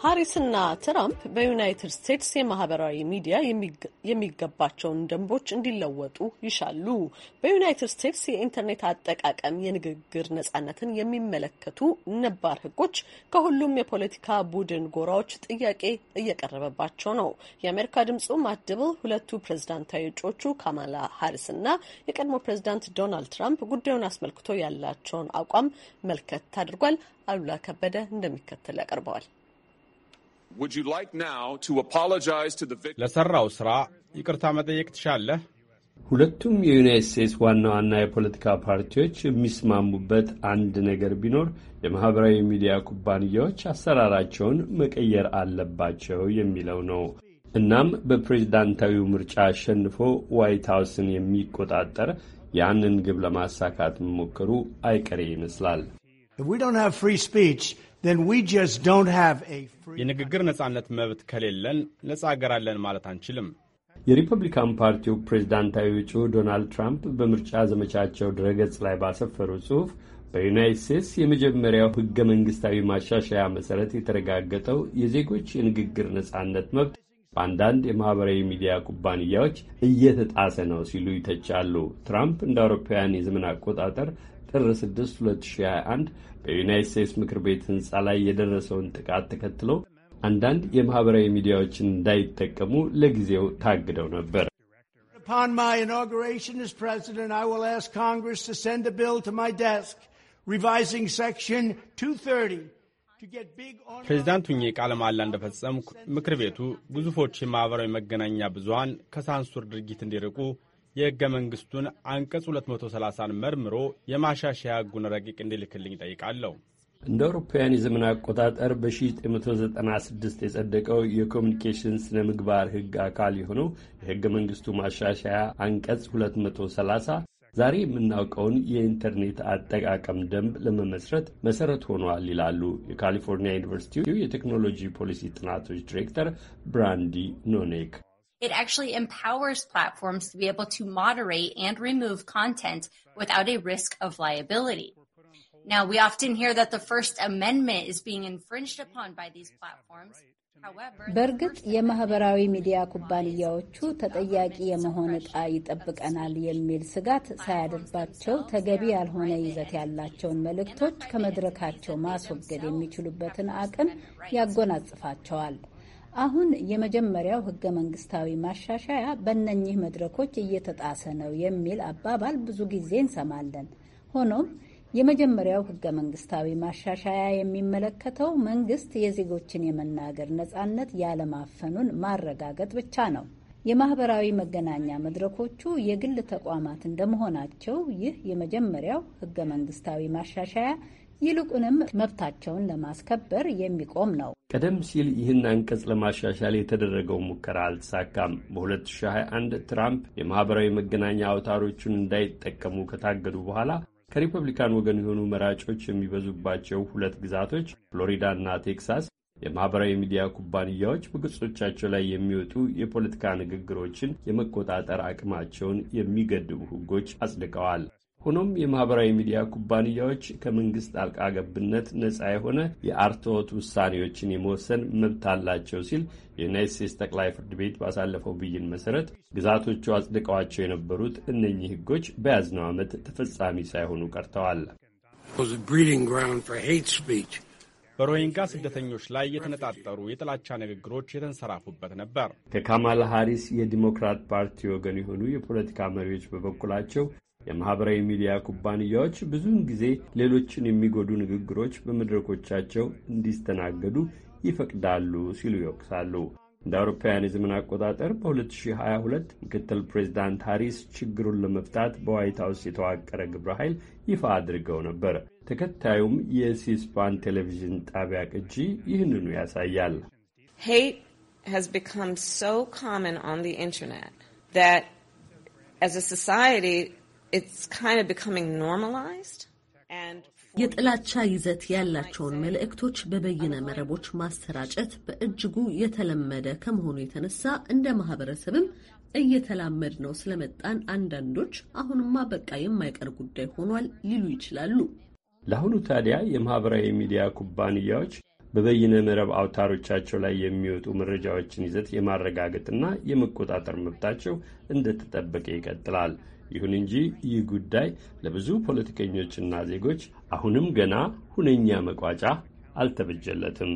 ሃሪስና ትራምፕ በዩናይትድ ስቴትስ የማህበራዊ ሚዲያ የሚገባቸውን ደንቦች እንዲለወጡ ይሻሉ። በዩናይትድ ስቴትስ የኢንተርኔት አጠቃቀም የንግግር ነጻነትን የሚመለከቱ ነባር ሕጎች ከሁሉም የፖለቲካ ቡድን ጎራዎች ጥያቄ እየቀረበባቸው ነው። የአሜሪካ ድምጹ ማድብል ሁለቱ ፕሬዝዳንታዊ እጩዎቹ ካማላ ሀሪስና የቀድሞ ፕሬዝዳንት ዶናልድ ትራምፕ ጉዳዩን አስመልክቶ ያላቸውን አቋም መልከት አድርጓል። አሉላ ከበደ እንደሚከተል ያቀርበዋል። ለሰራው ስራ ይቅርታ መጠየቅ ትሻለህ? ሁለቱም የዩናይት ስቴትስ ዋና ዋና የፖለቲካ ፓርቲዎች የሚስማሙበት አንድ ነገር ቢኖር የማኅበራዊ ሚዲያ ኩባንያዎች አሰራራቸውን መቀየር አለባቸው የሚለው ነው። እናም በፕሬዝዳንታዊው ምርጫ አሸንፎ ዋይት ሀውስን የሚቆጣጠር ያንን ግብ ለማሳካት መሞከሩ አይቀሬ ይመስላል። የንግግር ነጻነት መብት ከሌለን ነጻ አገር አለን ማለት አንችልም። የሪፐብሊካን ፓርቲው ፕሬዝዳንታዊ እጩ ዶናልድ ትራምፕ በምርጫ ዘመቻቸው ድረገጽ ላይ ባሰፈሩ ጽሑፍ በዩናይት ስቴትስ የመጀመሪያው ህገ መንግስታዊ ማሻሻያ መሰረት የተረጋገጠው የዜጎች የንግግር ነጻነት መብት በአንዳንድ የማኅበራዊ ሚዲያ ኩባንያዎች እየተጣሰ ነው ሲሉ ይተቻሉ። ትራምፕ እንደ አውሮፓውያን የዘመን አቆጣጠር ጥር 6 2021 በዩናይት ስቴትስ ምክር ቤት ህንፃ ላይ የደረሰውን ጥቃት ተከትሎ አንዳንድ የማኅበራዊ ሚዲያዎችን እንዳይጠቀሙ ለጊዜው ታግደው ነበር። ፕሬዚዳንት ሁኜ ቃለ መሃላ እንደፈጸምኩ ምክር ቤቱ ግዙፎች የማኅበራዊ መገናኛ ብዙሃን ከሳንሱር ድርጊት እንዲርቁ የሕገ መንግሥቱን አንቀጽ 230ን መርምሮ የማሻሻያ ሕጉን ረቂቅ እንዲልክልኝ ጠይቃለሁ። እንደ አውሮፓውያን የዘመን አቆጣጠር በ1996 የጸደቀው የኮሚኒኬሽን ስነ ምግባር ሕግ አካል የሆነው የሕገ መንግሥቱ ማሻሻያ አንቀጽ 230 ዛሬ የምናውቀውን የኢንተርኔት አጠቃቀም ደንብ ለመመስረት መሰረት ሆኗል ይላሉ የካሊፎርኒያ ዩኒቨርሲቲው የቴክኖሎጂ ፖሊሲ ጥናቶች ዲሬክተር ብራንዲ ኖኔክ። It actually empowers platforms to be able to moderate and remove content without a risk of liability. Now, we often hear that the First Amendment is being infringed upon by these platforms. በእርግጥ የማህበራዊ ሚዲያ ኩባንያዎቹ ተጠያቂ የመሆን ዕጣ ይጠብቀናል የሚል ስጋት ሳያደርባቸው ተገቢ ያልሆነ ይዘት ያላቸውን መልእክቶች ከመድረካቸው ማስወገድ የሚችሉበትን አቅም ያጎናጽፋቸዋል። አሁን የመጀመሪያው ህገ መንግስታዊ ማሻሻያ በእነኚህ መድረኮች እየተጣሰ ነው የሚል አባባል ብዙ ጊዜ እንሰማለን። ሆኖም የመጀመሪያው ህገ መንግስታዊ ማሻሻያ የሚመለከተው መንግስት የዜጎችን የመናገር ነጻነት ያለማፈኑን ማረጋገጥ ብቻ ነው። የማህበራዊ መገናኛ መድረኮቹ የግል ተቋማት እንደመሆናቸው ይህ የመጀመሪያው ህገ መንግስታዊ ማሻሻያ ይልቁንም መብታቸውን ለማስከበር የሚቆም ነው። ቀደም ሲል ይህን አንቀጽ ለማሻሻል የተደረገው ሙከራ አልተሳካም። በ2021 ትራምፕ የማኅበራዊ መገናኛ አውታሮቹን እንዳይጠቀሙ ከታገዱ በኋላ ከሪፐብሊካን ወገን የሆኑ መራጮች የሚበዙባቸው ሁለት ግዛቶች ፍሎሪዳና ቴክሳስ የማኅበራዊ ሚዲያ ኩባንያዎች በገጾቻቸው ላይ የሚወጡ የፖለቲካ ንግግሮችን የመቆጣጠር አቅማቸውን የሚገድቡ ሕጎች አጽድቀዋል። ሆኖም የማህበራዊ ሚዲያ ኩባንያዎች ከመንግስት ጣልቃ ገብነት ነፃ የሆነ የአርትዖት ውሳኔዎችን የመወሰን መብት አላቸው ሲል የዩናይት ስቴትስ ጠቅላይ ፍርድ ቤት ባሳለፈው ብይን መሰረት ግዛቶቹ አጽድቀዋቸው የነበሩት እነኚህ ህጎች በያዝነው ዓመት ተፈጻሚ ሳይሆኑ ቀርተዋል። በሮሂንጋ ስደተኞች ላይ የተነጣጠሩ የጥላቻ ንግግሮች የተንሰራፉበት ነበር። ከካማላ ሃሪስ የዲሞክራት ፓርቲ ወገን የሆኑ የፖለቲካ መሪዎች በበኩላቸው የማኅበራዊ ሚዲያ ኩባንያዎች ብዙውን ጊዜ ሌሎችን የሚጎዱ ንግግሮች በመድረኮቻቸው እንዲስተናገዱ ይፈቅዳሉ ሲሉ ይወቅሳሉ። እንደ አውሮፓውያን የዘመን አቆጣጠር በ2022 ምክትል ፕሬዚዳንት ሃሪስ ችግሩን ለመፍታት በዋይት ሀውስ የተዋቀረ ግብረ ኃይል ይፋ አድርገው ነበር። ተከታዩም የሲስፓን ቴሌቪዥን ጣቢያ ቅጂ ይህንኑ ያሳያል። ሄት has become so common on የጥላቻ ይዘት ያላቸውን መልእክቶች በበይነ መረቦች ማሰራጨት በእጅጉ የተለመደ ከመሆኑ የተነሳ እንደ ማህበረሰብም እየተላመድ ነው ስለመጣን አንዳንዶች አሁንማ በቃ የማይቀር ጉዳይ ሆኗል ሊሉ ይችላሉ። ለአሁኑ ታዲያ የማህበራዊ ሚዲያ ኩባንያዎች በበይነ መረብ አውታሮቻቸው ላይ የሚወጡ መረጃዎችን ይዘት የማረጋገጥና የመቆጣጠር መብታቸው እንደተጠበቀ ይቀጥላል። ይሁን እንጂ ይህ ጉዳይ ለብዙ ፖለቲከኞችና ዜጎች አሁንም ገና ሁነኛ መቋጫ አልተበጀለትም።